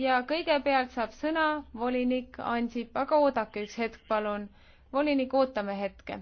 ja kõigepealt saab sõna volinik Ansip, aga oodake üks hetk, palun. volinik, ootame hetke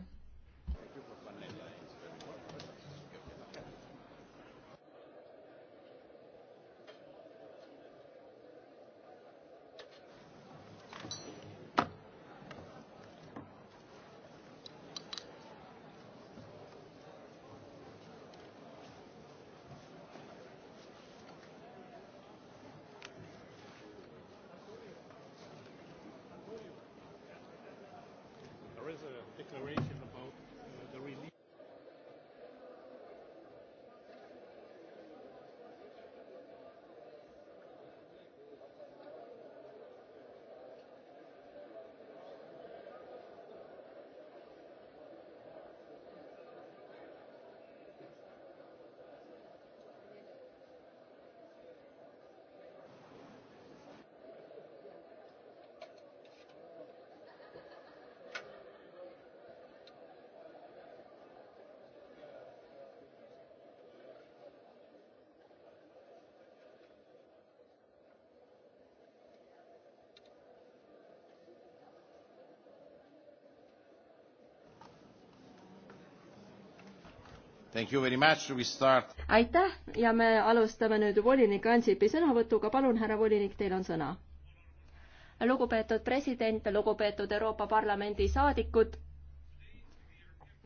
aitäh ja me alustame nüüd volinik Ansipi sõnavõtuga. palun, härra volinik, teil on sõna. lugupeetud president, lugupeetud Euroopa Parlamendi saadikud.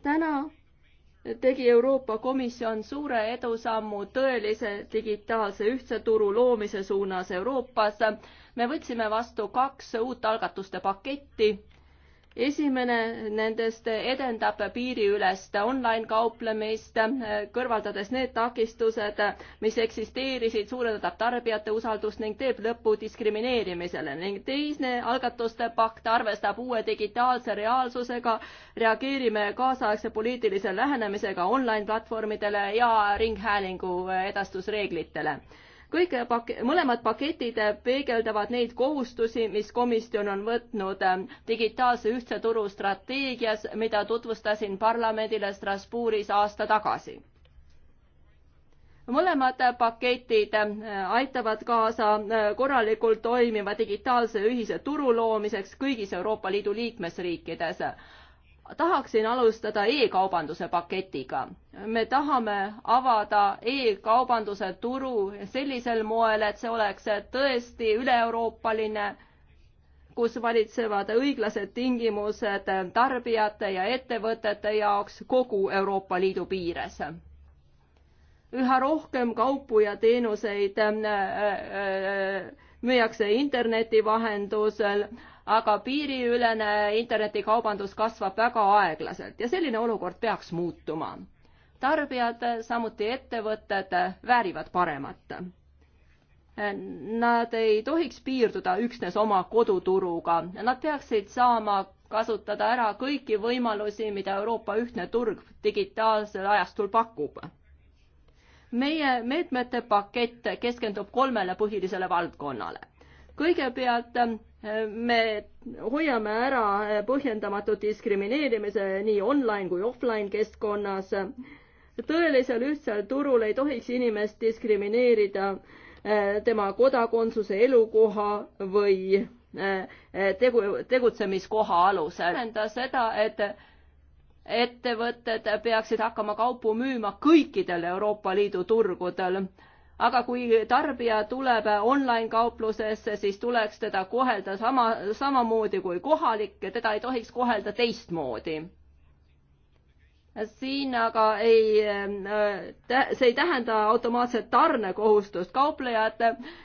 täna tegi Euroopa Komisjon suure edusammu tõelise digitaalse ühtse turu loomise suunas Euroopas. me võtsime vastu kaks uut algatuste paketti esimene nendest edendab piiriülest online kauplemist, kõrvaldades need takistused, mis eksisteerisid, suurendab tarbijate usaldust ning teeb lõpu diskrimineerimisele ning teine algatuste pakt arvestab uue digitaalse reaalsusega, reageerime kaasaegse poliitilise lähenemisega online platvormidele ja ringhäälingu edastusreeglitele kõige pak-, mõlemad paketid peegeldavad neid kohustusi, mis komisjon on võtnud ähm, digitaalse ühtse turu strateegias, mida tutvustasin parlamendile Strasbourgis aasta tagasi mõlemad paketid ähm, aitavad kaasa äh, korralikult toimiva digitaalse ühise turu loomiseks kõigis Euroopa Liidu liikmesriikides tahaksin alustada e-kaubanduse paketiga. me tahame avada e-kaubanduse turu sellisel moel, et see oleks tõesti üle-euroopaline, kus valitsevad õiglased tingimused tarbijate ja ettevõtete jaoks kogu Euroopa Liidu piires. üha rohkem kaupu ja teenuseid äh, äh, äh, müüakse interneti vahendusel aga piiriülene internetikaubandus kasvab väga aeglaselt ja selline olukord peaks muutuma. tarbijad, samuti ettevõtted väärivad paremat. Nad ei tohiks piirduda üksnes oma koduturuga, nad peaksid saama kasutada ära kõiki võimalusi, mida Euroopa ühtne turg digitaalsel ajastul pakub. meie meetmete pakett keskendub kolmele põhilisele valdkonnale. kõigepealt me hoiame ära põhjendamatu diskrimineerimise nii online kui offline keskkonnas. tõelisel ühtsel turul ei tohiks inimest diskrimineerida eh, tema kodakondsuse, elukoha või eh, tegu, tegutsemiskoha alusel. tähenda seda, et ettevõtted peaksid hakkama kaupu müüma kõikidel Euroopa Liidu turgudel aga kui tarbija tuleb online-kauplusesse, siis tuleks teda kohelda sama, samamoodi kui kohalikke, teda ei tohiks kohelda teistmoodi. siin aga ei, see ei tähenda automaatset tarnekohustust, kauplejad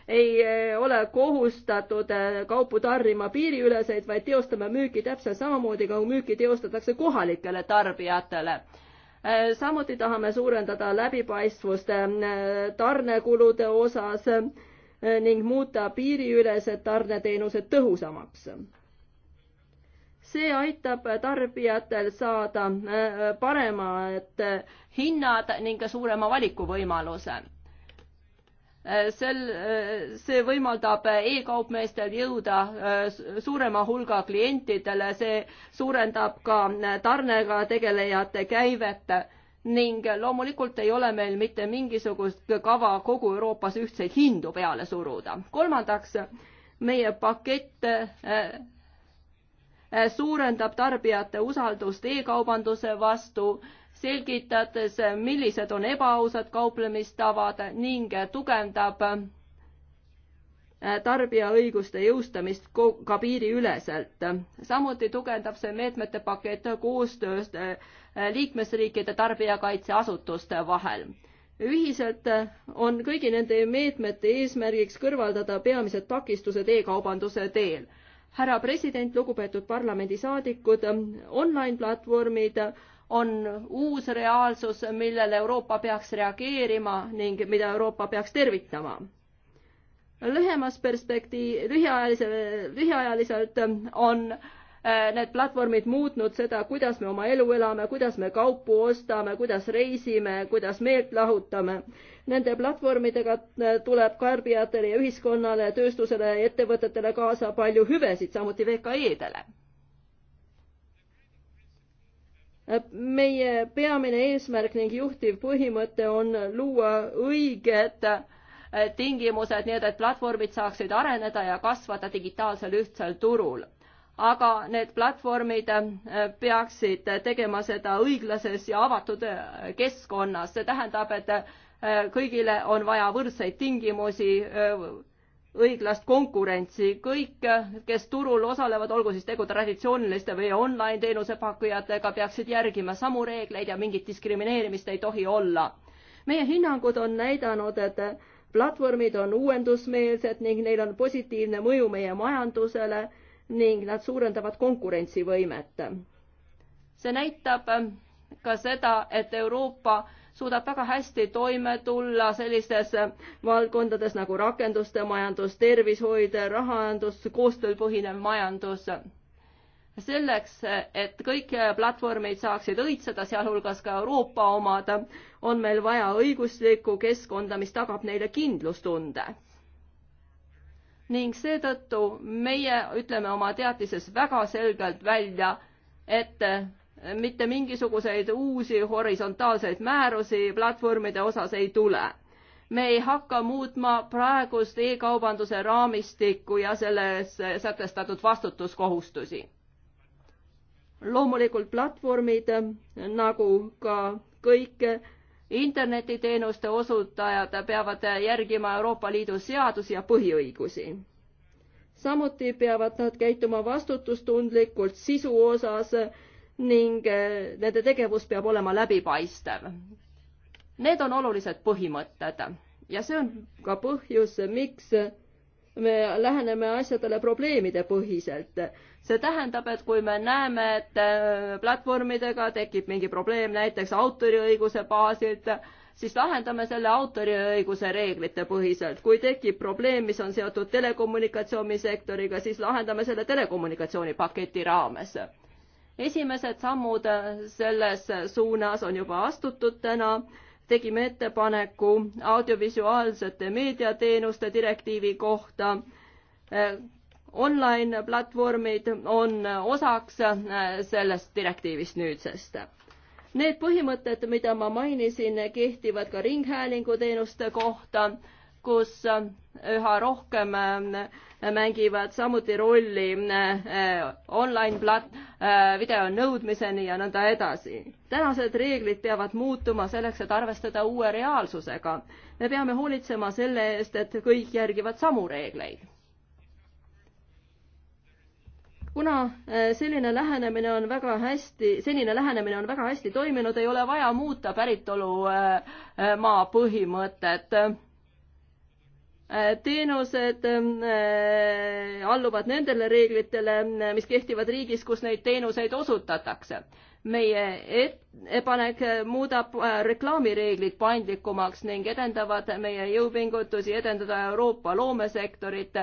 ei e, ole kohustatud e, kaupu tarnima piiriüleseid, vaid teostama müüki täpselt samamoodi, kui nagu müüki teostatakse kohalikele tarbijatele samuti tahame suurendada läbipaistvust äh, tarnekulude osas äh, ning muuta piiriülesed tarneteenused tõhusamaks. see aitab tarbijatel saada äh, paremad hinnad ning ka suurema valikuvõimaluse Äh, sel, äh, see võimaldab äh, e-kaupmeestel jõuda suurema hulga klientidele, see suurendab ka tarnega tegelejate käivet ning loomulikult ei ole meil mitte mingisugust kava kogu Euroopas ühtseid hindu peale suruda. kolmandaks, meie pakett suurendab tarbijate usaldust e-kaubanduse vastu selgitades, millised on ebaausad kauplemistavad ning tugevdab äh, tarbija õiguste jõustamist ka piiriüleselt. samuti tugevdab see meetmete pakett koostöös äh, liikmesriikide tarbijakaitseasutuste vahel. ühiselt äh, on kõigi nende meetmete eesmärgiks kõrvaldada peamised takistused e-kaubanduse teel. härra president, lugupeetud parlamendisaadikud, online platvormid on uus reaalsus, millele Euroopa peaks reageerima ning mida Euroopa peaks tervitama. lühemas perspektiiv, lühiajalise, lühiajaliselt on äh, need platvormid muutnud seda, kuidas me oma elu elame, kuidas me kaupu ostame, kuidas reisime, kuidas meelt lahutame. Nende platvormidega äh, tuleb tarbijatele ja ühiskonnale, tööstusele ja ettevõtetele kaasa palju hüvesid, samuti VKE-dele meie peamine eesmärk ning juhtiv põhimõte on luua õiged äh, tingimused, nii et, et platvormid saaksid areneda ja kasvada digitaalsel ühtsel turul. aga need platvormid äh, peaksid tegema seda õiglases ja avatud äh, keskkonnas, see tähendab, et kõigile on vaja võrdseid tingimusi õiglast konkurentsi. kõik, kes turul osalevad, olgu siis tegu traditsiooniliste või online teenusepakkujatega, peaksid järgima samu reegleid ja mingit diskrimineerimist ei tohi olla. meie hinnangud on näidanud, et platvormid on uuendusmeelsed ning neil on positiivne mõju meie majandusele ning nad suurendavad konkurentsivõimet. see näitab ka seda, et Euroopa suudab väga hästi toime tulla sellistes valdkondades nagu rakenduste majandus, tervishoid, rahandus, koostööl põhinev majandus selleks, et kõik platvormid saaksid õitseda, sealhulgas ka Euroopa omad, on meil vaja õiguslikku keskkonda, mis tagab neile kindlustunde. ning seetõttu meie ütleme oma teatises väga selgelt välja, et mitte mingisuguseid uusi horisontaalseid määrusi platvormide osas ei tule. me ei hakka muutma praegust e-kaubanduse raamistikku ja selles sätestatud vastutuskohustusi. loomulikult platvormid nagu ka kõik internetiteenuste osutajad peavad järgima Euroopa Liidu seadusi ja põhiõigusi. samuti peavad nad käituma vastutustundlikult sisu osas ning äh, nende tegevus peab olema läbipaistev. Need on olulised põhimõtted ja see on ka põhjus, miks me läheneme asjadele probleemide põhiselt. see tähendab, et kui me näeme, et äh, platvormidega tekib mingi probleem näiteks autoriõiguse baasilt, siis lahendame selle autoriõiguse reeglite põhiselt. kui tekib probleem, mis on seotud telekommunikatsioonisektoriga, siis lahendame selle telekommunikatsioonipaketi raames esimesed sammud selles suunas on juba astutud täna, tegime ettepaneku audiovisuaalsete meediateenuste direktiivi kohta. Online platvormid on osaks sellest direktiivist nüüdsest. Need põhimõtted, mida ma mainisin, kehtivad ka ringhäälinguteenuste kohta kus üha rohkem äh, mängivad samuti rolli äh, online plat-, äh, video nõudmiseni ja nõnda edasi. tänased reeglid peavad muutuma selleks, et arvestada uue reaalsusega. me peame hoolitsema selle eest, et kõik järgivad samu reegleid kuna selline lähenemine on väga hästi, senine lähenemine on väga hästi toiminud, ei ole vaja muuta päritolumaa põhimõtet. Äh, teenused ähm, äh, alluvad nendele reeglitele, äh, mis kehtivad riigis, kus neid teenuseid osutatakse. meie ettepanek muudab reklaamireeglid paindlikumaks ning edendavad meie jõupingutusi edendada Euroopa loomesektorit.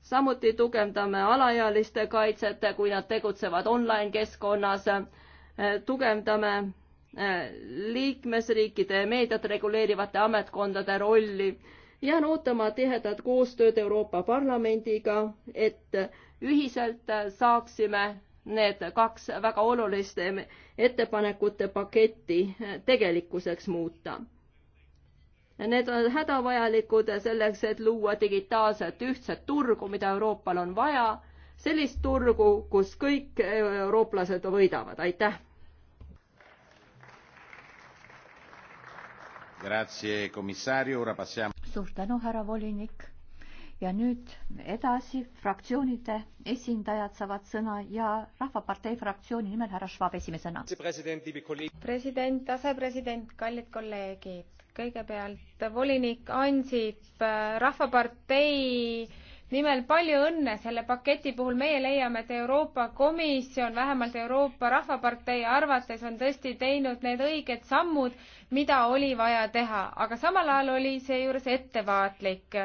samuti tugevdame alaealiste kaitset, kui nad tegutsevad online keskkonnas. tugevdame liikmesriikide meediat reguleerivate ametkondade rolli jään ootama tihedat koostööd Euroopa Parlamendiga, et ühiselt saaksime need kaks väga olulist ettepanekute paketti tegelikkuseks muuta. Need on hädavajalikud selleks, et luua digitaalset ühtset turgu, mida Euroopal on vaja, sellist turgu, kus kõik eurooplased võidavad, aitäh! Grazie, commissario, ora passiamo suur tänu, härra volinik. ja nüüd edasi fraktsioonide esindajad saavad sõna ja Rahvapartei fraktsiooni nimel härra Schwab esimesena. president, asepresident, kallid kolleegid, kõigepealt volinik Ansip, Rahvapartei nimel palju õnne selle paketi puhul, meie leiame, et Euroopa Komisjon, vähemalt Euroopa Rahvapartei arvates on tõesti teinud need õiged sammud, mida oli vaja teha, aga samal ajal oli seejuures ettevaatlik.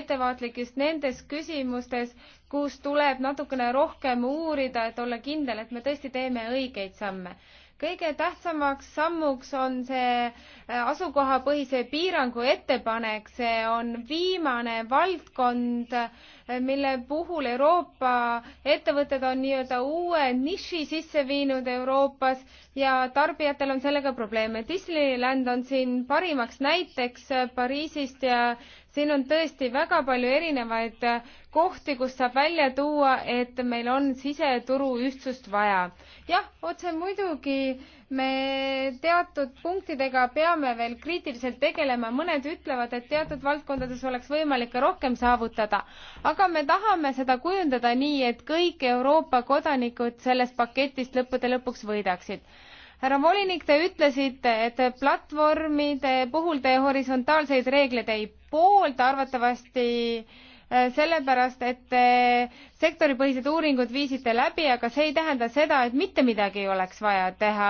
ettevaatlik just nendes küsimustes, kus tuleb natukene rohkem uurida, et olla kindel, et me tõesti teeme õigeid samme kõige tähtsamaks sammuks on see äh, asukohapõhise piirangu ettepanek, see on viimane valdkond, mille puhul Euroopa ettevõtted on nii-öelda uue niši sisse viinud Euroopas ja tarbijatel on sellega probleeme. Disneyland on siin parimaks näiteks Pariisist ja siin on tõesti väga palju erinevaid kohti, kus saab välja tuua, et meil on siseturu ühtsust vaja. jah, otse muidugi me teatud punktidega peame veel kriitiliselt tegelema, mõned ütlevad, et teatud valdkondades oleks võimalik ka rohkem saavutada, aga me tahame seda kujundada nii, et kõik Euroopa kodanikud sellest paketist lõppude lõpuks võidaksid härra volinik, te ütlesite, et platvormide puhul te horisontaalseid reegleid ei poolda, arvatavasti äh, Äh, sellepärast, et te sektoripõhised uuringud viisite läbi, aga see ei tähenda seda, et mitte midagi ei oleks vaja teha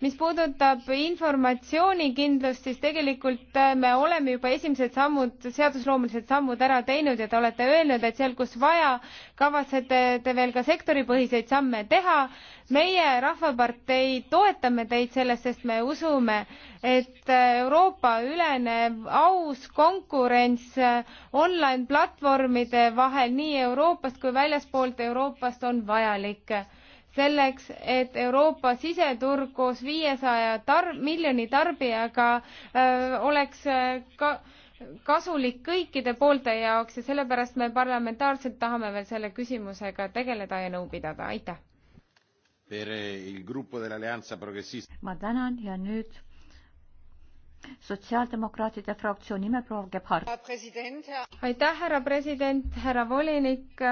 mis puudutab informatsioonikindlust, siis tegelikult äh, me oleme juba esimesed sammud, seadusloomelised sammud ära teinud ja te olete öelnud, et seal, kus vaja, kavatsete te veel ka sektoripõhiseid samme teha. meie Rahvapartei toetame teid selles, sest me usume, et äh, Euroopa ülene aus konkurents äh, online platvormide vahel nii Euroopast kui väljaspoolt Euroopast on vajalik selleks, et Euroopa siseturg koos viiesaja tar-, miljoni tarbijaga öö, äh, oleks äh, ka kasulik kõikide poolte jaoks ja sellepärast me parlamentaarselt tahame veel selle küsimusega tegeleda ja nõu pidada, aitäh! ma tänan ja nüüd sotsiaaldemokraatide fraktsiooni nimel proua Gebhard. aitäh, härra president, härra volinik!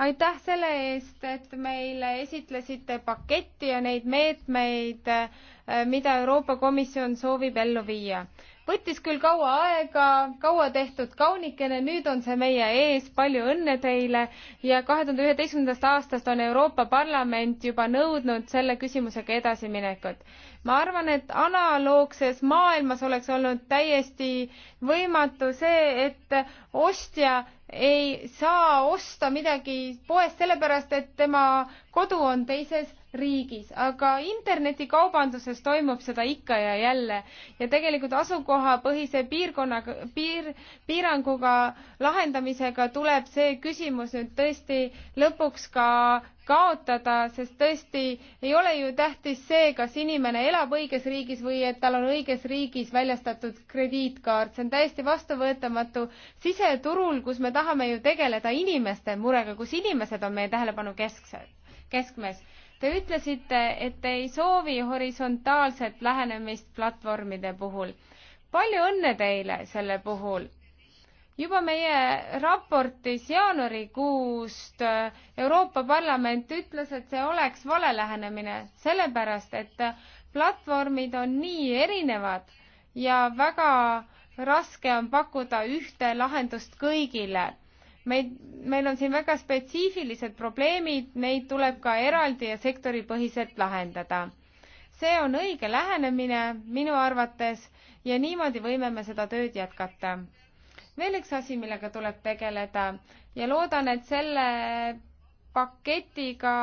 aitäh selle eest, et meile esitlesite paketti ja neid meetmeid, eh, mida Euroopa Komisjon soovib ellu viia. võttis küll kaua aega, kaua tehtud kaunikene, nüüd on see meie ees, palju õnne teile ja kahe tuhande üheteistkümnendast aastast on Euroopa Parlament juba nõudnud selle küsimusega edasiminekut. ma arvan, et analoogses maailmas oleks olnud täiesti võimatu see, et ostja ei saa osta midagi poest sellepärast, et tema kodu on teises riigis, aga internetikaubanduses toimub seda ikka ja jälle ja tegelikult asukohapõhise piirkonna, piir, piiranguga lahendamisega tuleb see küsimus nüüd tõesti lõpuks ka kaotada, sest tõesti ei ole ju tähtis see, kas inimene elab õiges riigis või et tal on õiges riigis väljastatud krediitkaart, see on täiesti vastuvõetamatu siseturul, kus me tahame ju tegeleda inimeste murega, kus inimesed on meie tähelepanu kesksed, keskmes Te ütlesite, et te ei soovi horisontaalset lähenemist platvormide puhul. palju õnne teile selle puhul juba meie raportis jaanuarikuust äh, Euroopa Parlament ütles, et see oleks vale lähenemine, sellepärast et äh, platvormid on nii erinevad ja väga raske on pakkuda ühte lahendust kõigile meid, meil on siin väga spetsiifilised probleemid, neid tuleb ka eraldi ja sektoripõhiselt lahendada. see on õige lähenemine minu arvates ja niimoodi võime me seda tööd jätkata. veel üks asi, millega tuleb tegeleda ja loodan, et selle paketiga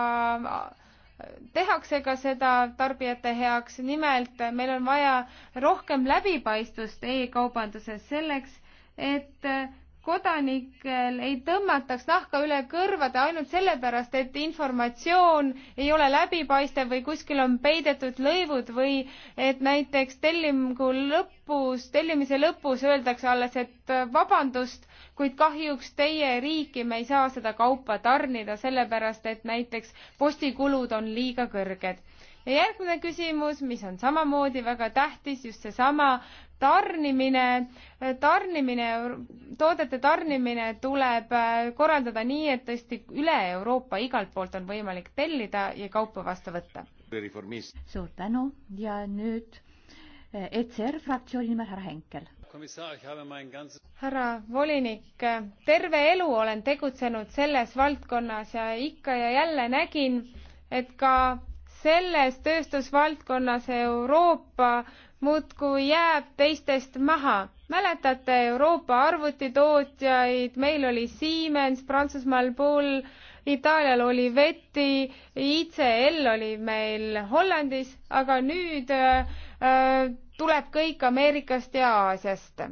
tehakse ka seda tarbijate heaks, nimelt meil on vaja rohkem läbipaistvust e-kaubanduses selleks, et kodanikel ei tõmmataks nahka üle kõrvade ainult sellepärast, et informatsioon ei ole läbipaistev või kuskil on peidetud lõivud või et näiteks tellingu lõpus, tellimise lõpus öeldakse alles, et vabandust, kuid kahjuks teie riiki me ei saa seda kaupa tarnida, sellepärast et näiteks postikulud on liiga kõrged ja järgmine küsimus, mis on samamoodi väga tähtis, just seesama tarnimine, tarnimine, toodete tarnimine tuleb äh, korraldada nii, et tõesti üle Euroopa igalt poolt on võimalik tellida ja kaupa vastu võtta. suur tänu ja nüüd äh, ECR fraktsiooni nimel härra Henkel härra volinik, äh, terve elu olen tegutsenud selles valdkonnas ja ikka ja jälle nägin, et ka selles tööstusvaldkonnas Euroopa muudkui jääb teistest maha. mäletate Euroopa arvutitootjaid, meil oli Siemens Prantsusmaal pool, Itaalial oli Vetti, ICL oli meil Hollandis, aga nüüd äh, tuleb kõik Ameerikast ja Aasiast.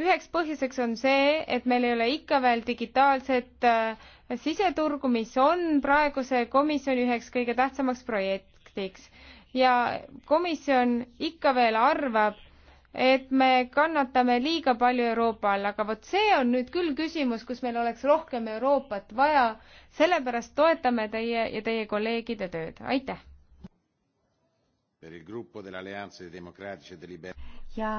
üheks põhjuseks on see, et meil ei ole ikka veel digitaalset äh, siseturgu, mis on praeguse komisjoni üheks kõige tähtsamaks projektiks ja komisjon ikka veel arvab, et me kannatame liiga palju Euroopa all, aga vot see on nüüd küll küsimus, kus meil oleks rohkem Euroopat vaja, sellepärast toetame teie ja teie kolleegide tööd, aitäh! E ja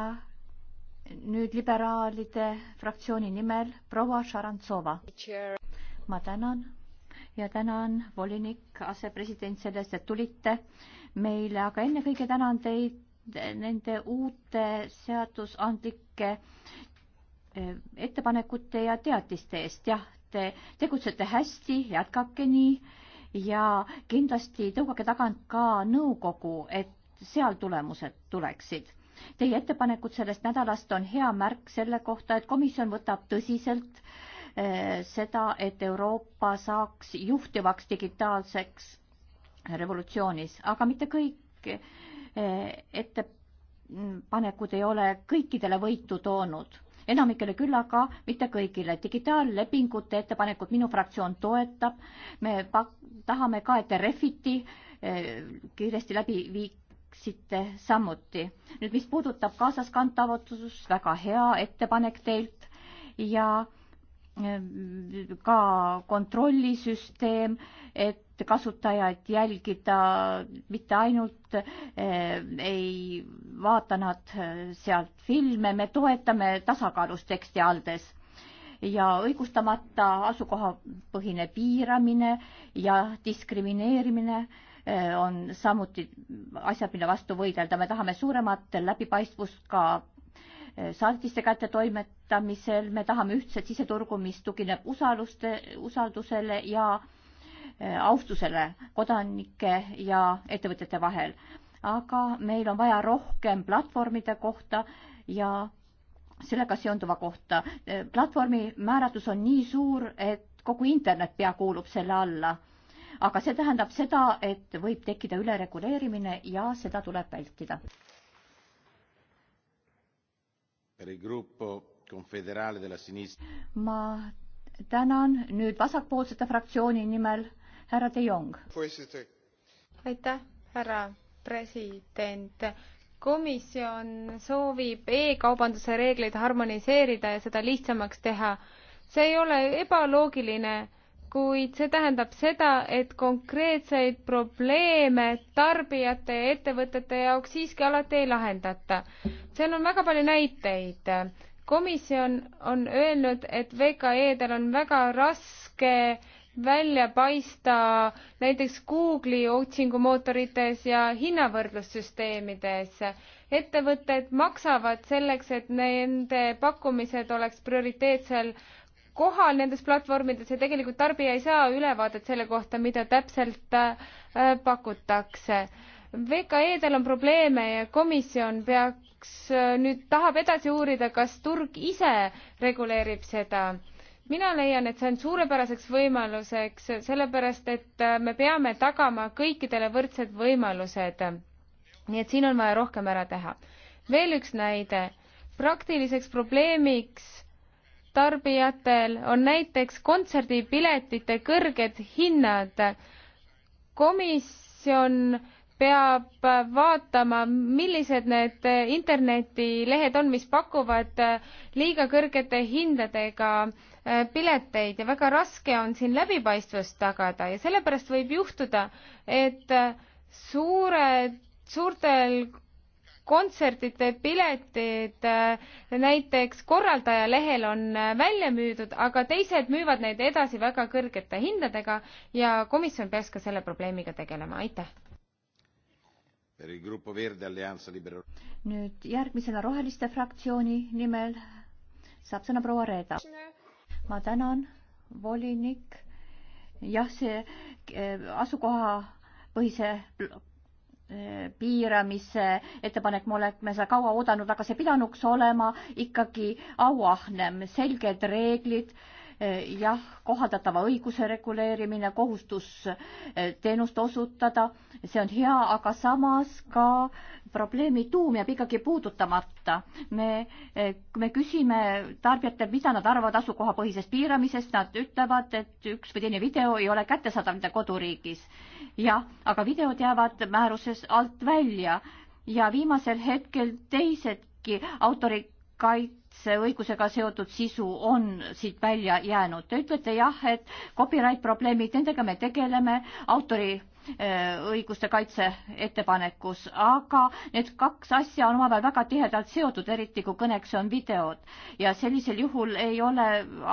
nüüd liberaalide fraktsiooni nimel proua Šarantsova. ma tänan ja tänan volinik, asepresident sellest, et tulite meile, aga ennekõike tänan teid nende uute seadusandlike eh, ettepanekute ja teatiste eest. jah, te tegutsete hästi, jätkake nii ja kindlasti tõugake tagant ka nõukogu, et seal tulemused tuleksid. Teie ettepanekud sellest nädalast on hea märk selle kohta, et komisjon võtab tõsiselt eh, seda, et Euroopa saaks juhtivaks digitaalseks revolutsioonis, aga mitte kõik eh, ettepanekud ei ole kõikidele võitu toonud, enamikele küll, aga mitte kõigile. digitaallepingute ettepanekut minu fraktsioon toetab, me tahame ka, et Refiti eh, kiiresti läbi viiksite samuti. nüüd, mis puudutab kaasaskantavatust, väga hea ettepanek teilt ja äh, ka kontrollisüsteem, et kasutajat jälgida, mitte ainult eh, ei vaata nad eh, sealt filme, me toetame tasakaalus teksti haldes ja õigustamata asukohapõhine piiramine ja diskrimineerimine eh, on samuti asjad, mille vastu võidelda. me tahame suuremat läbipaistvust ka Eh, saatiste kätte toimetamisel, me tahame ühtset siseturgu, mis tugineb usaluste, usaldusele ja eh, austusele kodanike ja ettevõtjate vahel. aga meil on vaja rohkem platvormide kohta ja sellega seonduva kohta. Eh, platvormi määratus on nii suur, et kogu internet pea kuulub selle alla. aga see tähendab seda, et võib tekkida ülereguleerimine ja seda tuleb vältida ma tänan nüüd vasakpoolsete fraktsiooni nimel härra De Jong. aitäh, härra president. komisjon soovib e-kaubanduse reegleid harmoniseerida ja seda lihtsamaks teha. see ei ole ebaloogiline kuid see tähendab seda, et konkreetseid probleeme tarbijate ja ettevõtete jaoks siiski alati ei lahendata. seal on väga palju näiteid. komisjon on öelnud, et VKE-del on väga raske välja paista näiteks Google'i otsingumootorites ja hinnavõrdlussüsteemides. ettevõtted maksavad selleks, et nende pakkumised oleks prioriteetsel kohal nendes platvormides ja tegelikult tarbija ei saa ülevaadet selle kohta, mida täpselt äh, pakutakse. VKE-del on probleeme ja komisjon peaks äh, nüüd, tahab edasi uurida, kas turg ise reguleerib seda. mina leian, et see on suurepäraseks võimaluseks, sellepärast et äh, me peame tagama kõikidele võrdsed võimalused. nii et siin on vaja rohkem ära teha. veel üks näide. praktiliseks probleemiks tarbijatel on näiteks kontserdipiletite kõrged hinnad. komisjon peab vaatama, millised need internetilehed on, mis pakuvad liiga kõrgete hindadega pileteid ja väga raske on siin läbipaistvust tagada ja sellepärast võib juhtuda, et suured, suurtel kontserdite piletid äh, näiteks korraldaja lehel on äh, välja müüdud, aga teised müüvad neid edasi väga kõrgete hindadega ja komisjon peaks ka selle probleemiga tegelema, aitäh. nüüd järgmisena Roheliste fraktsiooni nimel saab sõna proua Reeda. ma tänan, volinik. jah, see eh, asukohapõhise piiramise ettepanek, me oleme seda kaua oodanud, aga see pidanuks olema ikkagi auahnem, selged reeglid jah, kohaldatava õiguse reguleerimine, kohustus eh, teenust osutada, see on hea, aga samas ka probleemi tuum jääb ikkagi puudutamata. me, kui eh, me küsime tarbijatelt, mida nad arvavad asukohapõhisest piiramisest, nad ütlevad, et üks või teine video ei ole kättesaadav nende koduriigis. jah, aga videod jäävad määruses alt välja ja viimasel hetkel teisedki autorid kaitsevad õigusega seotud sisu on siit välja jäänud. Te ütlete jah, et copyright probleemid, nendega me tegeleme autoriõiguste äh, kaitse ettepanekus, aga need kaks asja on omavahel väga tihedalt seotud, eriti kui kõneks on videod. ja sellisel juhul ei ole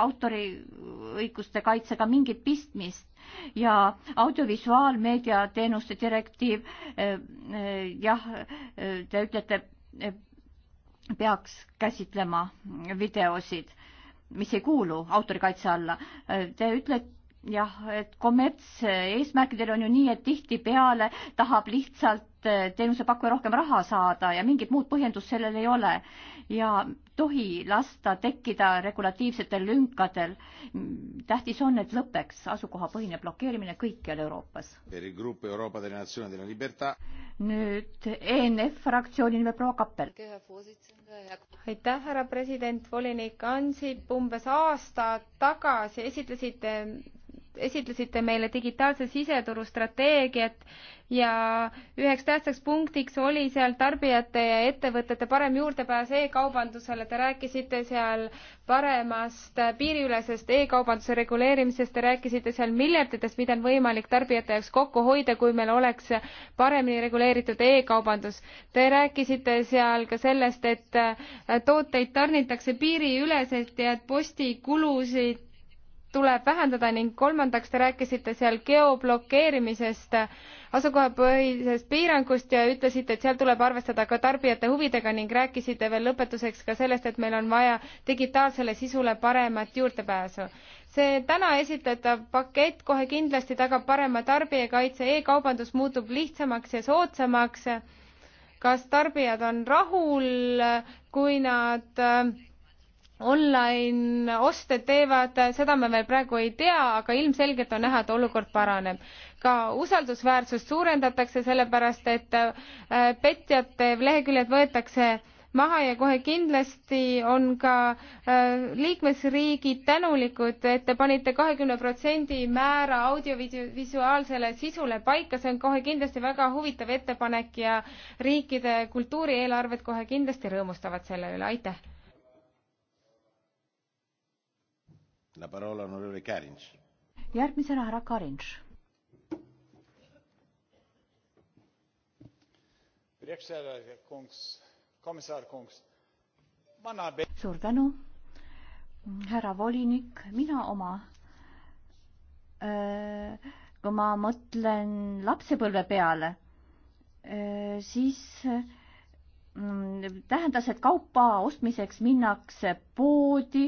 autoriõiguste kaitsega mingit pistmist ja audiovisuaalmeedia teenuste direktiiv, äh, äh, jah, te ütlete, peaks käsitlema videosid, mis ei kuulu autorikaitse alla. Te ütlete, jah, et kommertseesmärkidel on ju nii, et tihtipeale tahab lihtsalt Eh, teenusepakkuja rohkem raha saada ja mingit muud põhjendust sellel ei ole. ja tohi lasta tekkida regulatiivsetel lünkadel. tähtis on, et lõpeks asukohapõhine blokeerimine kõikjal Euroopas. nüüd ENF fraktsiooni nimel proua Kappel. aitäh, härra president, volinik Ansip, umbes aasta tagasi esitlesite esitlesite meile digitaalse siseturu strateegiat ja üheks tähtsaks punktiks oli seal tarbijate ja ettevõtete parem juurdepääs e-kaubandusele. Te rääkisite seal paremast piiriülesest e-kaubanduse reguleerimisest, te rääkisite seal miljarditest, mida on võimalik tarbijate jaoks kokku hoida, kui meil oleks paremini reguleeritud e-kaubandus. Te rääkisite seal ka sellest, et tooteid tarnitakse piiriüleselt ja et postikulusid tuleb vähendada ning kolmandaks te rääkisite seal geoblokeerimisest, asukohapõhisest piirangust ja ütlesite, et seal tuleb arvestada ka tarbijate huvidega ning rääkisite veel lõpetuseks ka sellest, et meil on vaja digitaalsele sisule paremat juurdepääsu. see täna esitatav pakett kohe kindlasti tagab parema tarbijakaitse e, e-kaubandus muutub lihtsamaks ja soodsamaks. kas tarbijad on rahul, kui nad online osted teevad, seda me veel praegu ei tea, aga ilmselgelt on näha, et olukord paraneb. ka usaldusväärsust suurendatakse, sellepärast et äh, petjate leheküljed võetakse maha ja kohe kindlasti on ka äh, liikmesriigid tänulikud, et te panite kahekümne protsendi määra audiovisuaalsele sisule paika, see on kohe kindlasti väga huvitav ettepanek ja riikide kultuurieelarved kohe kindlasti rõõmustavad selle üle, aitäh! järgmisena härra Karinš. suur tänu, härra volinik, mina oma öö, äh, kui ma mõtlen lapsepõlve peale, äh, siis Mm, tähendas, et kaupa ostmiseks minnakse poodi,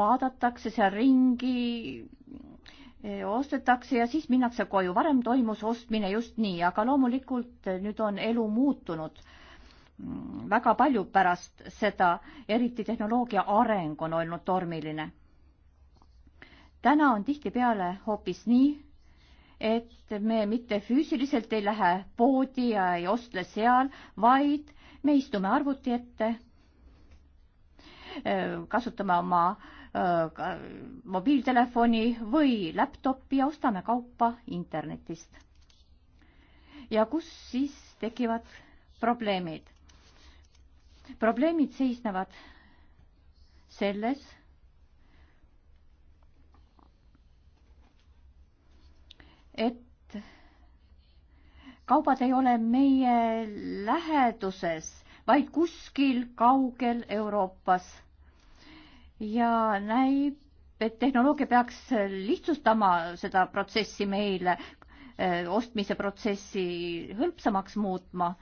vaadatakse seal ringi, eh, ostetakse ja siis minnakse koju. varem toimus ostmine just nii, aga loomulikult nüüd on elu muutunud mm, väga palju pärast seda, eriti tehnoloogia areng on olnud tormiline. täna on tihtipeale hoopis nii, et me mitte füüsiliselt ei lähe poodi ja ei ostle seal, vaid me istume arvuti ette, äh, kasutame oma äh, mobiiltelefoni või laptopi ja ostame kaupa internetist. ja kus siis tekivad probleemid? probleemid seisnevad selles, et kaubad ei ole meie läheduses, vaid kuskil kaugel Euroopas. ja näib, et tehnoloogia peaks lihtsustama seda protsessi meile, eh, ostmise protsessi hõlpsamaks muutma.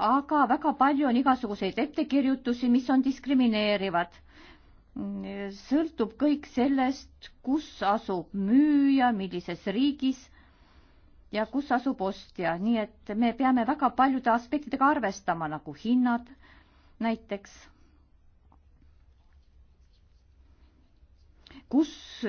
aga väga palju on igasuguseid ettekirjutusi, mis on diskrimineerivad sõltub kõik sellest, kus asub müüja, millises riigis ja kus asub ostja, nii et me peame väga paljude aspektidega arvestama, nagu hinnad näiteks. kus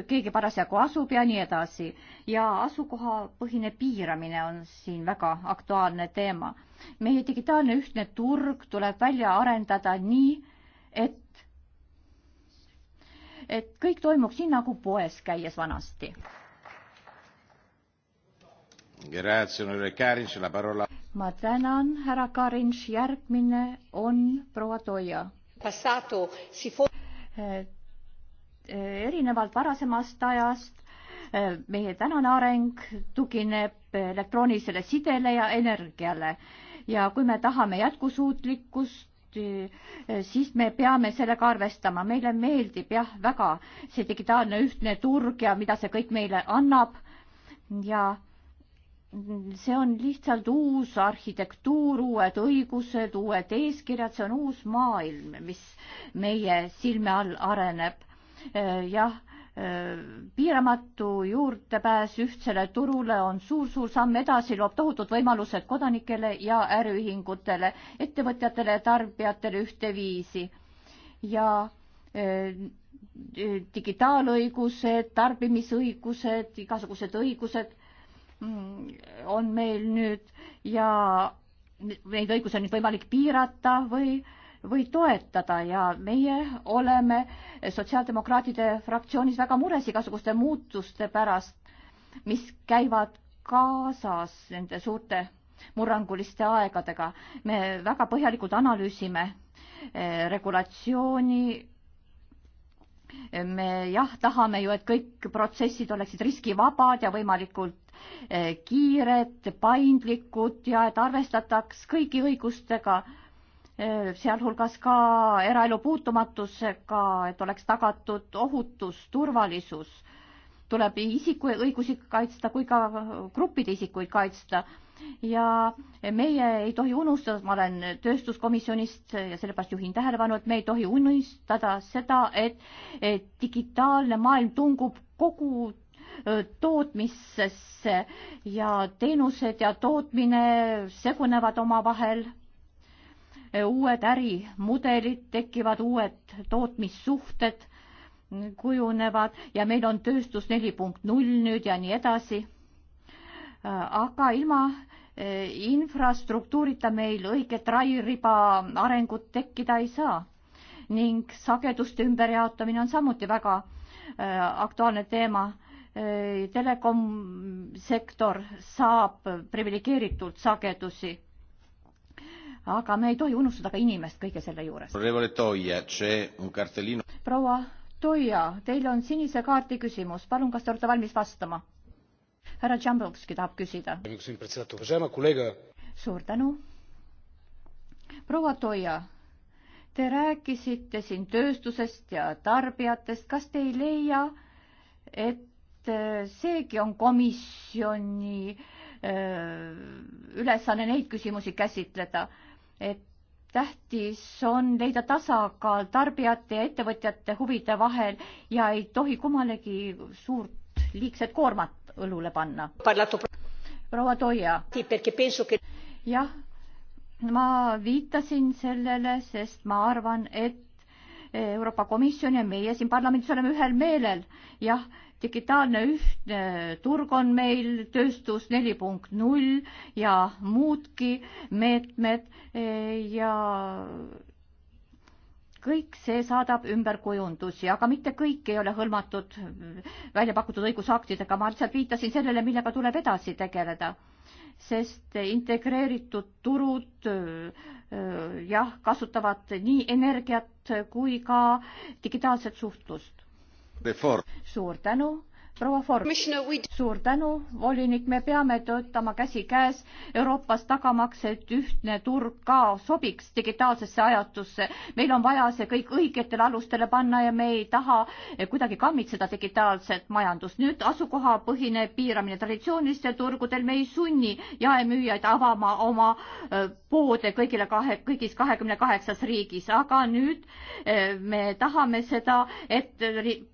keegi parasjagu asub ja nii edasi ja asukohapõhine piiramine on siin väga aktuaalne teema. meie digitaalne ühtne turg tuleb välja arendada nii, et et kõik toimuks nii nagu poes käies vanasti ma tänan, härra Karinš, järgmine on proua Toia. Eh, eh, erinevalt varasemast ajast eh, meie tänane areng tugineb elektroonilisele sidele ja energiale ja kui me tahame jätkusuutlikkust, siis me peame sellega arvestama, meile meeldib jah väga see digitaalne ühtne turg ja mida see kõik meile annab ja see on lihtsalt uus arhitektuur, uued õigused, uued eeskirjad, see on uus maailm, mis meie silme all areneb. Äh, jah, äh, piiramatu juurdepääs ühtsele turule on suur-suur samm edasi, loob tohutud võimalused kodanikele ja äriühingutele, ettevõtjatele ja tarbijatele ühteviisi. ja äh, digitaalõigused, tarbimisõigused, igasugused õigused on meil nüüd ja neid õigusi on nüüd võimalik piirata või, või toetada ja meie oleme sotsiaaldemokraatide fraktsioonis väga mures igasuguste muutuste pärast, mis käivad kaasas nende suurte murranguliste aegadega. me väga põhjalikult analüüsime eh, regulatsiooni me jah, tahame ju, et kõik protsessid oleksid riskivabad ja võimalikult eh, kiired, paindlikud ja et arvestataks kõigi õigustega, eh, sealhulgas ka eraelu puutumatusega, et oleks tagatud ohutus, turvalisus. tuleb isiku õigusi kaitsta kui ka gruppide isikuid kaitsta ja meie ei tohi unustada, ma olen tööstuskomisjonist ja sellepärast juhin tähelepanu, et me ei tohi unistada seda, et, et digitaalne maailm tungub kogu tootmisesse ja teenused ja tootmine segunevad omavahel. uued ärimudelid tekivad, uued tootmissuhted kujunevad ja meil on tööstus neli punkt null nüüd ja nii edasi Äh, aga ilma äh, infrastruktuurita meil õiget rairiba arengut tekkida ei saa. ning sageduste ümberjaotamine on samuti väga äh, aktuaalne teema. Telekom sektor saab priviligeeritult sagedusi. aga me ei tohi unustada ka inimest kõige selle juures. proua Toia, teil on sinise kaardi küsimus, palun, kas te olete valmis vastama? härra Džambovski tahab küsida. suur tänu. proua Toia, te rääkisite siin tööstusest ja tarbijatest, kas te ei leia, et äh, seegi on komisjoni äh, ülesanne neid küsimusi käsitleda, et tähtis on leida tasakaal tarbijate ja ettevõtjate huvide vahel ja ei tohi kummalegi suurt liigset koormat õlule panna. proua Toia. jah, ma viitasin sellele, sest ma arvan, et eh, Euroopa Komisjon ja meie siin parlamendis oleme ühel meelel. jah, digitaalne ühtne turg on meil, tööstus neli punkt null ja muudki meetmed eh, ja kõik see saadab ümberkujundusi, aga mitte kõik ei ole hõlmatud äh, välja pakutud õigusaktidega, ma lihtsalt viitasin sellele, millega tuleb edasi tegeleda. sest integreeritud turud äh, äh, jah, kasutavad nii energiat kui ka digitaalset suhtlust. suur tänu proua Ford, suur tänu, volinik, me peame töötama käsikäes Euroopas tagamaks, et ühtne turg ka sobiks digitaalsesse ajatusse. meil on vaja see kõik õigetele alustele panna ja me ei taha kuidagi kammitseda digitaalset majandust. nüüd asukohapõhine piiramine traditsioonilistel turgudel, me ei sunni jaemüüjaid avama oma öö, äh, poode kõigile kahe, kõigis kahekümne kaheksas riigis, aga nüüd eh, me tahame seda, et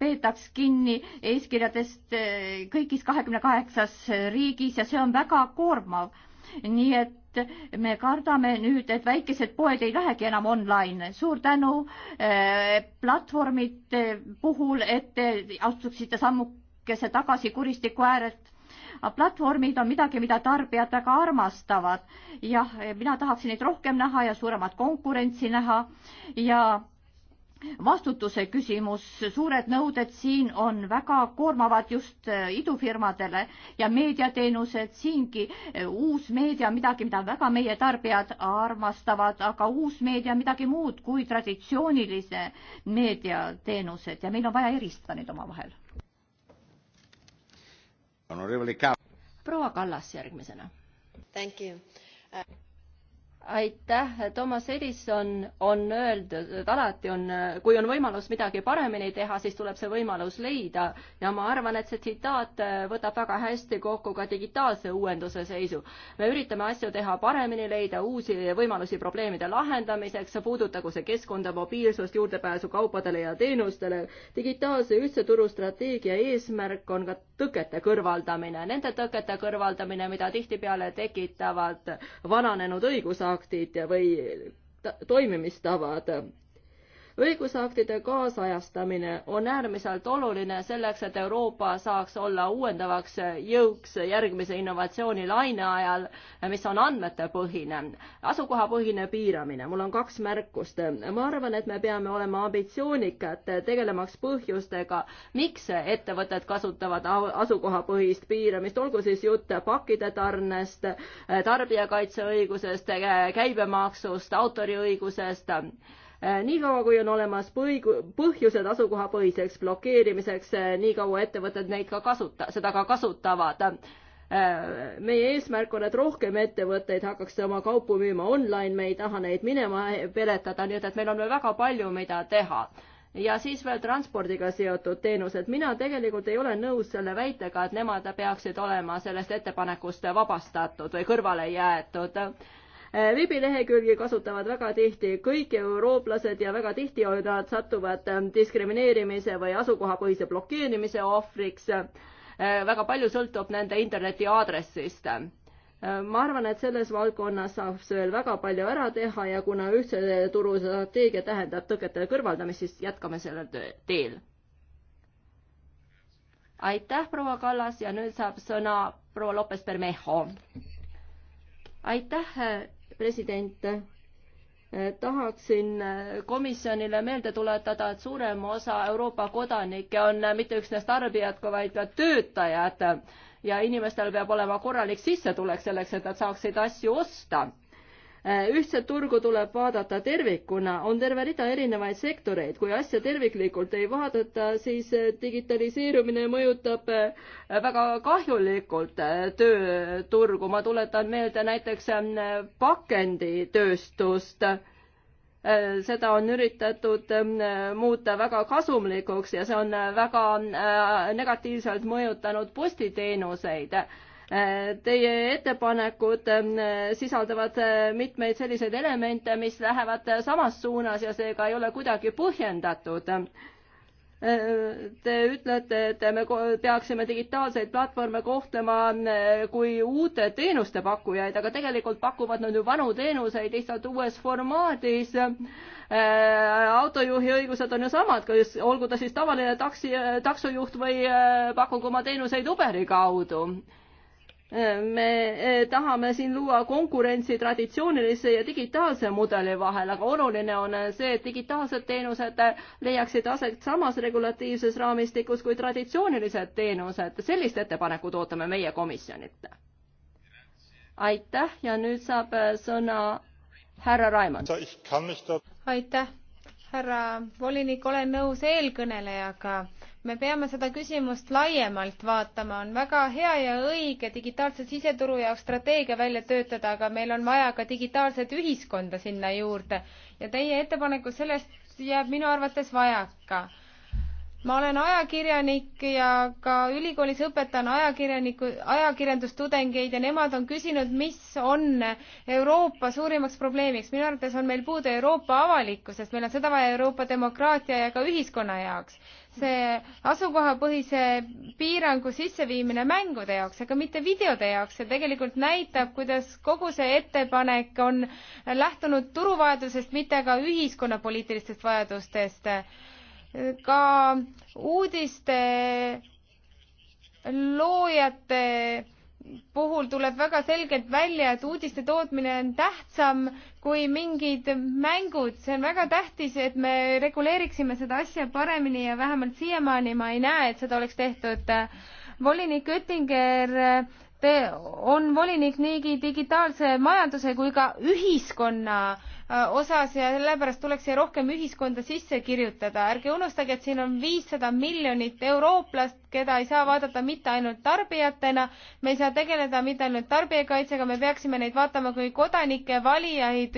peetaks kinni eeskirjadest eh, kõigis kahekümne kaheksas riigis ja see on väga koormav. nii et me kardame nüüd, et väikesed poed ei lähegi enam online. suur tänu eh, platvormide puhul, et te astuksite sammukese tagasi kuristiku äärelt platvormid on midagi, mida tarbijad väga armastavad. jah, eh, mina tahaksin neid rohkem näha ja suuremat konkurentsi näha ja vastutuse küsimus, suured nõuded siin on väga koormavad just eh, idufirmadele ja meediateenused siingi. Eh, uus meedia on midagi, mida väga meie tarbijad armastavad, aga uus meedia on midagi muud kui traditsioonilise meediateenused ja meil on vaja eristada neid omavahel proua Kallas järgmisena aitäh, Thomas Edison on öeldud, et alati on, kui on võimalus midagi paremini teha, siis tuleb see võimalus leida ja ma arvan, et see tsitaat võtab väga hästi kokku ka digitaalse uuenduse seisu. me üritame asju teha paremini, leida uusi võimalusi probleemide lahendamiseks, puudutagu see keskkonda, mobiilsust, juurdepääsu kaupadele ja teenustele. digitaalse ühtse turu strateegia eesmärk on ka tõkete kõrvaldamine, nende tõkete kõrvaldamine, mida tihtipeale tekitavad vananenud õigusaktid õigusaktid või toimimistavad õigusaktide kaasajastamine on äärmiselt oluline selleks, et Euroopa saaks olla uuendavaks jõuks järgmise innovatsioonilaine ajal, mis on andmetepõhine, asukohapõhine piiramine. mul on kaks märkust. ma arvan, et me peame olema ambitsioonikad, tegelemaks põhjustega, miks ettevõtted kasutavad asukohapõhist piiramist, olgu siis jutt pakkide tarnest, tarbijakaitseõigusest, käibemaksust, autoriõigusest Äh, niikaua, kui on olemas põhjused asukohapõhiseks blokeerimiseks, äh, niikaua ettevõtted neid ka kasuta-, seda ka kasutavad. Äh, meie eesmärk on, et rohkem ettevõtteid hakkaks oma kaupu müüma online, me ei taha neid minema peletada, nii et, et meil on veel väga palju, mida teha ja siis veel transpordiga seotud teenused. mina tegelikult ei ole nõus selle väitega, et nemad peaksid olema sellest ettepanekust vabastatud või kõrvale jäetud Äh, veebilehekülgi kasutavad väga tihti kõik eurooplased ja väga tihti nad satuvad ähm, diskrimineerimise või asukohapõhise blokeerimise ohvriks. Äh, väga palju sõltub nende internetiaadressist äh, ma arvan, et selles valdkonnas saab veel väga palju ära teha ja kuna ühtse turu strateegia tähendab tõkete kõrvaldamist, siis jätkame sellel teel. aitäh, proua Kallas ja nüüd saab sõna proua Lopes-Bermejo. aitäh, president, eh, tahaksin eh, komisjonile meelde tuletada, et suurem osa Euroopa kodanikke on eh, mitte üksnes tarbijad, vaid ka töötajad ja inimestel peab olema korralik sissetulek selleks, et nad saaksid asju osta Äh, ühtset turgu tuleb vaadata tervikuna, on terve rida erinevaid sektoreid, kui asja terviklikult ei vaadata, siis äh, digitaliseerumine mõjutab äh, väga kahjulikult tööturgu, ma tuletan meelde näiteks pakenditööstust seda on üritatud muuta väga kasumlikuks ja see on väga negatiivselt mõjutanud postiteenuseid Teie ettepanekud äh, sisaldavad äh, mitmeid selliseid elemente, mis lähevad samas suunas ja seega ei ole kuidagi põhjendatud. Äh, Te ütlete, et me peaksime digitaalseid platvorme kohtlema kui uute teenuste pakkujaid, aga tegelikult pakuvad nad ju vanu teenuseid lihtsalt uues formaadis. autojuhi õigused on ju samad, olgu ta siis tavaline taksi, taksojuht või pakugu oma teenuseid Uberi kaudu me eh, tahame siin luua konkurentsi traditsioonilise ja digitaalse mudeli vahel, aga oluline on see, et digitaalsed teenused leiaksid aset samas regulatiivses raamistikus kui traditsioonilised teenused. sellist ettepanekut ootame meie komisjonilt. aitäh ja nüüd saab eh, sõna härra Raimond. aitäh, härra volinik, olen nõus eelkõnelejaga me peame seda küsimust laiemalt vaatama, on väga hea ja õige digitaalse siseturu jaoks strateegia välja töötada, aga meil on vaja ka digitaalset ühiskonda sinna juurde ja teie ettepanekus sellest jääb minu arvates vajaka ma olen ajakirjanik ja ka ülikoolis õpetan ajakirjaniku, ajakirjandustudengeid ja nemad on küsinud, mis on Euroopa suurimaks probleemiks. minu arvates on meil puudu Euroopa avalikkusest, meil on seda vaja Euroopa demokraatia ja ka ühiskonna jaoks. see asukohapõhise piirangu sisseviimine mängude jaoks, aga mitte videode jaoks, see tegelikult näitab, kuidas kogu see ettepanek on lähtunud turuvajadusest, mitte aga ühiskonna poliitilistest vajadustest ka uudiste loojate puhul tuleb väga selgelt välja, et uudiste tootmine on tähtsam kui mingid mängud, see on väga tähtis, et me reguleeriksime seda asja paremini ja vähemalt siiamaani ma ei näe, et seda oleks tehtud. volinik Oettinger on volinik niigi digitaalse majanduse kui ka ühiskonna äh, Äh, osas ja sellepärast tuleks see rohkem ühiskonda sisse kirjutada. ärge unustage, et siin on viissada miljonit eurooplast, keda ei saa vaadata mitte ainult tarbijatena, me ei saa tegeleda mitte ainult tarbijakaitsega, me peaksime neid vaatama kui kodanikke, valijaid,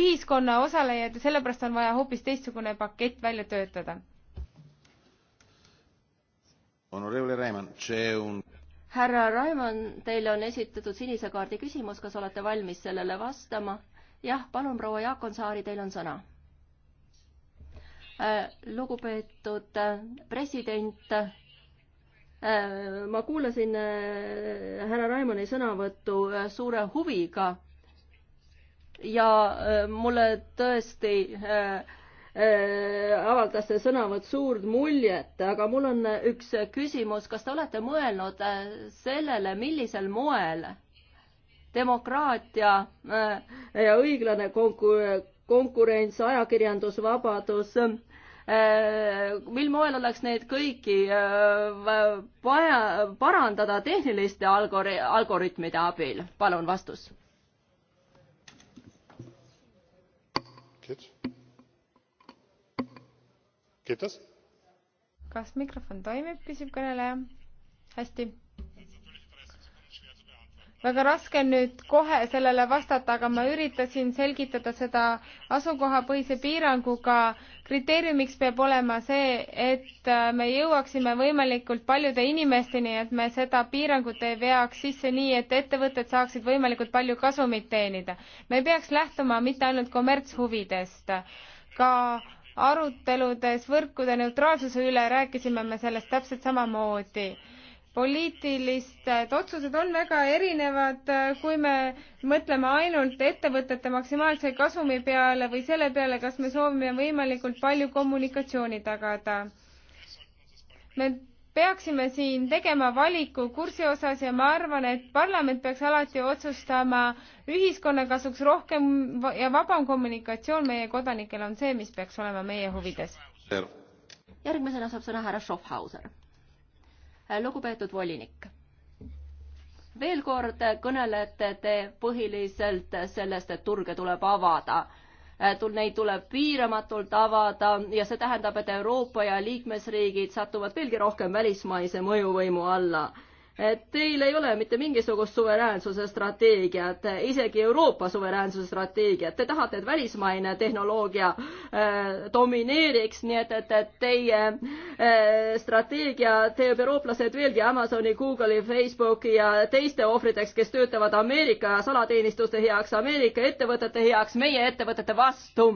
ühiskonna osalejaid ja sellepärast on vaja hoopis teistsugune pakett välja töötada. härra Raimond, teile on esitatud sinise kaardi küsimus, kas olete valmis sellele vastama? jah, palun, proua Jaakonsaari, teil on sõna. Äh, lugupeetud äh, president, äh, ma kuulasin härra Raimoni sõnavõttu suure huviga ja mulle tõesti avaldas see sõnavõtt suurt muljet, aga mul on üks küsimus, kas te olete mõelnud sellele, millisel moel demokraatia äh, ja õiglane konku-, konkurents, ajakirjandusvabadus, äh, mil moel oleks neid kõiki äh, vaja parandada tehniliste algori-, algoritmide abil, palun vastus. kas mikrofon toimib, küsib kõneleja. hästi väga raske on nüüd kohe sellele vastata, aga ma üritasin selgitada seda asukohapõhise piiranguga. kriteeriumiks peab olema see, et äh, me jõuaksime võimalikult paljude inimesteni, et me seda piirangut ei veaks sisse nii, et ettevõtted saaksid võimalikult palju kasumit teenida. me ei peaks lähtuma mitte ainult kommertshuvidest, ka aruteludes võrkude neutraalsuse üle rääkisime me sellest täpselt samamoodi poliitilised otsused on väga erinevad, äh, kui me mõtleme ainult ettevõtete maksimaalse kasumi peale või selle peale, kas me soovime võimalikult palju kommunikatsiooni tagada. me peaksime siin tegema valiku kursi osas ja ma arvan, et parlament peaks alati otsustama ühiskonna kasuks rohkem ja vabam kommunikatsioon meie kodanikele on see, mis peaks olema meie huvides. järgmisena saab sõna härra Schaffhauser lugupeetud volinik veel kord kõnelete te põhiliselt sellest, et turge tuleb avada. Neid tuleb piiramatult avada ja see tähendab, et Euroopa ja liikmesriigid satuvad veelgi rohkem välismaise mõjuvõimu alla Teil ei ole mitte mingisugust suveräänsuse strateegiat, isegi Euroopa suveräänsuse strateegiat. Te tahate, et välismaine tehnoloogia äh, domineeriks, nii et, et, et teie äh, strateegia teeb eurooplased veelgi Amazoni, Google'i, Facebooki ja teiste ohvriteks, kes töötavad Ameerika salateenistuste heaks, Ameerika ettevõtete heaks, meie ettevõtete vastu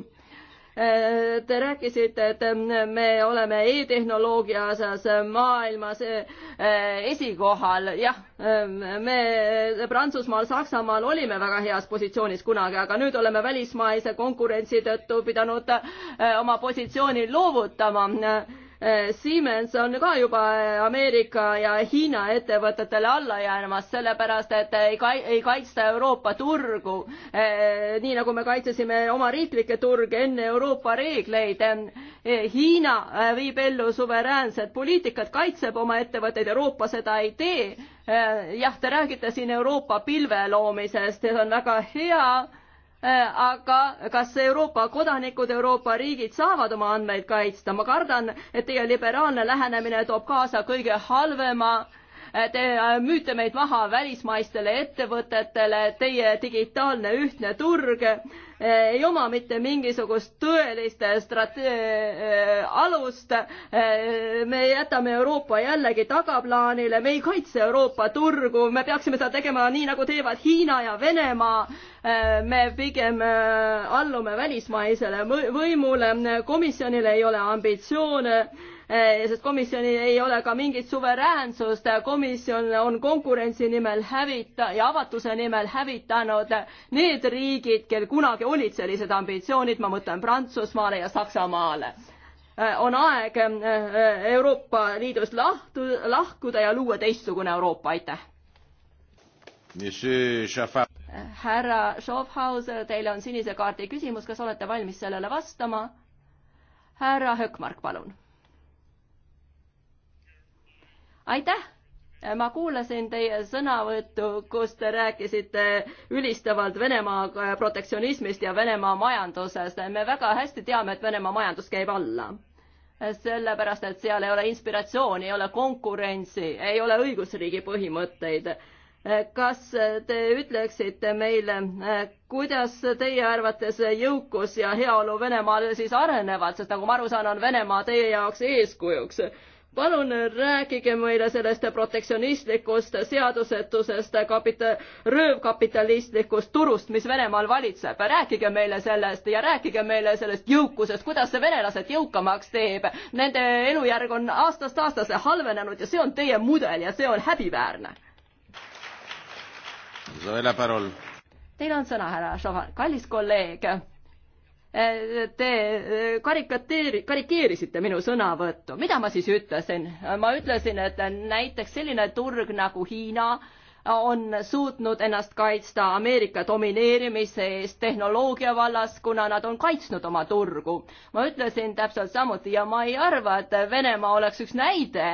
Äh, te rääkisite, et ähm, me oleme e-tehnoloogia osas maailmas äh, esikohal. jah, ähm, me Prantsusmaal, Saksamaal olime väga heas positsioonis kunagi, aga nüüd oleme välismaise konkurentsi tõttu pidanud äh, oma positsiooni loovutama Eh, Siemens on ka juba eh, Ameerika ja Hiina ettevõtetele alla jäämas, sellepärast et ei, kai-, ei kaitsta Euroopa turgu. Eh, nii nagu me kaitsesime oma riiklikke turge enne Euroopa reegleid. Hiina viib ellu suveräänset poliitikat, kaitseb oma ettevõtteid, Euroopa seda ei tee. jah, te räägite siin Euroopa pilve loomisest ja see on väga hea Äh, aga kas Euroopa kodanikud, Euroopa riigid saavad oma andmeid kaitsta, ma kardan, et teie liberaalne lähenemine toob kaasa kõige halvema Äh, te äh, müüte meid maha välismaistele ettevõtetele, teie digitaalne ühtne turg äh, ei oma mitte mingisugust tõelist strate-, alust. me jätame Euroopa jällegi tagaplaanile, me ei kaitse Euroopa turgu, me peaksime seda tegema nii, nagu teevad Hiina ja Venemaa. me pigem allume välismaisele võimule, komisjonil ei ole ambitsioone Eh, sest komisjonil ei ole ka mingit suveräänsust, komisjon on konkurentsi nimel hävita- ja avatuse nimel hävitanud need riigid, kel kunagi olid sellised ambitsioonid, ma mõtlen Prantsusmaale ja Saksamaale eh, on aeg eh, Euroopa Liidust lahtu, lahkuda ja luua teistsugune Euroopa, aitäh! härra Schaffhauser, teile on sinise kaardi küsimus, kas olete valmis sellele vastama? härra Hökmark, palun aitäh! ma kuulasin teie sõnavõttu, kus te rääkisite ülistavalt Venemaa äh, protektsionismist ja Venemaa majandusest. me väga hästi teame, et Venemaa majandus käib alla. sellepärast, et seal ei ole inspiratsiooni, ei ole konkurentsi, ei ole õigusriigi põhimõtteid kas te ütleksite meile, äh, kuidas teie arvates jõukus ja heaolu Venemaal siis arenevad, sest nagu ma aru saan, on Venemaa teie jaoks eeskujuks palun rääkige meile sellest protektsionistlikust seadusetusest, kapita-, röövkapitalistlikust turust, mis Venemaal valitseb. rääkige meile sellest ja rääkige meile sellest jõukusest, kuidas see venelased jõukamaks teeb. Nende elujärg on aastast aastasse halvenenud ja see on teie mudel ja see on häbiväärne. Teil on sõna, härra Šovan, kallis kolleeg Äh, te äh, karikateeri-, karikeerisite minu sõnavõttu. mida ma siis ütlesin? ma ütlesin, et näiteks selline turg nagu Hiina on suutnud ennast kaitsta Ameerika domineerimise eest tehnoloogia vallas, kuna nad on kaitsnud oma turgu. ma ütlesin täpselt samuti ja ma ei arva, et Venemaa oleks üks näide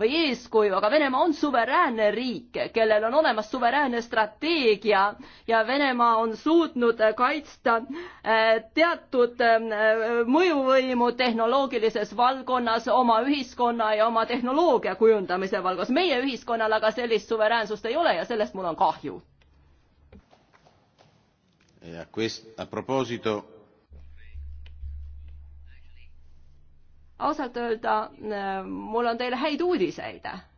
või eeskuju, aga Venemaa on suveräänne riik, kellel on olemas suveräänne strateegia ja Venemaa on suutnud kaitsta eh, teatud eh, mõjuvõimu tehnoloogilises valdkonnas oma ühiskonna ja oma tehnoloogia kujundamise valgus. meie ühiskonnal aga sellist suveräänsust ei ole ja sellest mul on kahju. ja quest, a proposito ausalt öelda, äh, mul on teile häid uudiseid